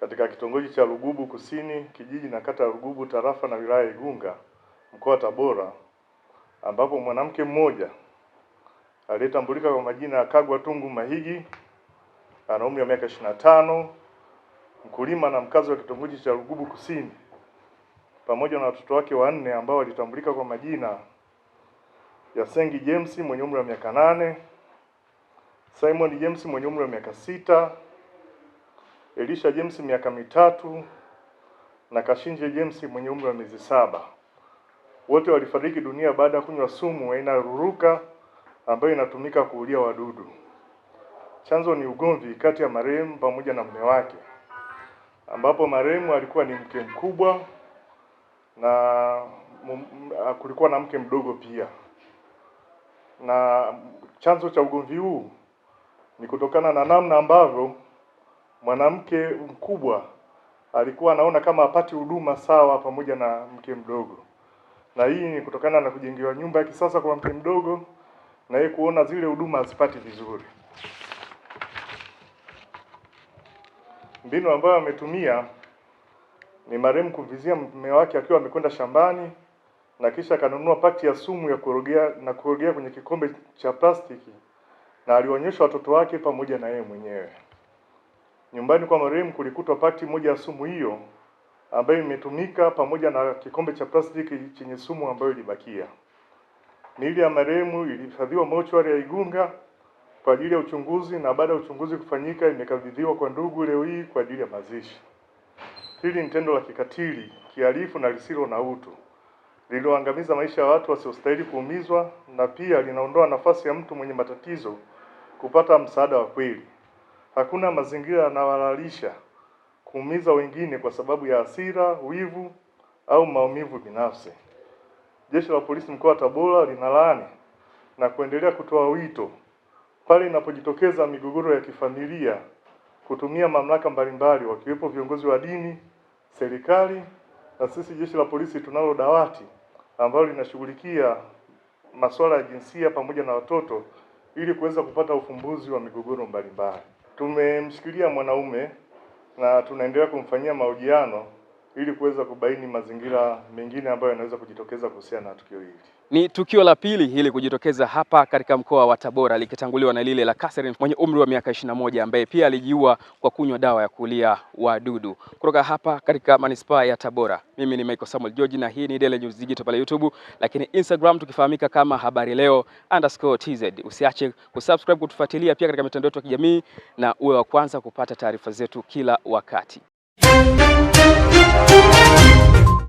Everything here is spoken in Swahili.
katika kitongoji cha Lugubu Kusini, kijiji na kata ya Lugubu, tarafa na wilaya ya Igunga, mkoa wa Tabora, ambapo mwanamke mmoja aliyetambulika kwa majina ya Kagwa Tungu Mahigi ana umri wa miaka 25, mkulima na mkazi wa kitongoji cha Lugubu Kusini, pamoja na watoto wake wanne ambao walitambulika kwa majina ya Sengi James mwenye umri wa miaka nane, Simon James mwenye umri wa miaka sita Elisha James miaka mitatu na Kashinje James mwenye umri wa miezi saba. Wote walifariki dunia baada ya kunywa sumu aina ya ruruka ambayo inatumika kuulia wadudu. Chanzo ni ugomvi kati ya marehemu pamoja na mume wake, ambapo marehemu alikuwa ni mke mkubwa na kulikuwa na mke mdogo pia. Na chanzo cha ugomvi huu ni kutokana na namna ambavyo mwanamke mkubwa alikuwa anaona kama apati huduma sawa pamoja na mke mdogo, na hii ni kutokana na kujengewa nyumba ya kisasa kwa mke mdogo, na yeye kuona zile huduma hazipati vizuri. Mbinu ambayo ametumia ni marehemu kumvizia mume wake akiwa amekwenda shambani, na kisha akanunua pati ya sumu ya kurogea na kurogea kwenye kikombe cha plastiki, na alionyesha watoto wake pamoja na yeye mwenyewe. Nyumbani kwa marehemu kulikutwa pakiti moja ya sumu hiyo ambayo imetumika pamoja na kikombe cha plastiki chenye sumu ambayo ilibakia. Miili ya marehemu ilihifadhiwa mochwari ya Igunga kwa ajili ya uchunguzi na baada ya uchunguzi kufanyika imekabidhiwa kwa ndugu leo hii kwa ajili ya mazishi. Hili ni tendo la kikatili, kihalifu na lisilo na utu lililoangamiza maisha ya watu wasiostahili kuumizwa na pia linaondoa nafasi ya mtu mwenye matatizo kupata msaada wa kweli. Hakuna mazingira yanayohalalisha kuumiza wengine kwa sababu ya hasira, wivu au maumivu binafsi. Jeshi la Polisi mkoa wa Tabora linalaani na kuendelea kutoa wito pale inapojitokeza migogoro ya kifamilia kutumia mamlaka mbalimbali wakiwepo viongozi wa dini, serikali na sisi jeshi la polisi tunalo dawati ambalo linashughulikia masuala ya jinsia pamoja na watoto ili kuweza kupata ufumbuzi wa migogoro mbalimbali. Tumemshikilia mwanaume na tunaendelea kumfanyia mahojiano ili kuweza kubaini mazingira mengine ambayo yanaweza kujitokeza kuhusiana na tukio hili. Ni tukio la pili hili kujitokeza hapa katika mkoa wa Tabora likitanguliwa na lile la Catherine mwenye umri wa miaka 21 ambaye pia alijiua kwa kunywa dawa ya kulia wadudu. Kutoka hapa katika manispaa ya Tabora, mimi ni Michael Samuel George na hii ni Daily News Digital pale YouTube, lakini Instagram tukifahamika kama habari leo underscore tz. Usiache kusubscribe, kutufuatilia pia katika mitandao yetu ya kijamii na uwe wa kwanza kupata taarifa zetu kila wakati.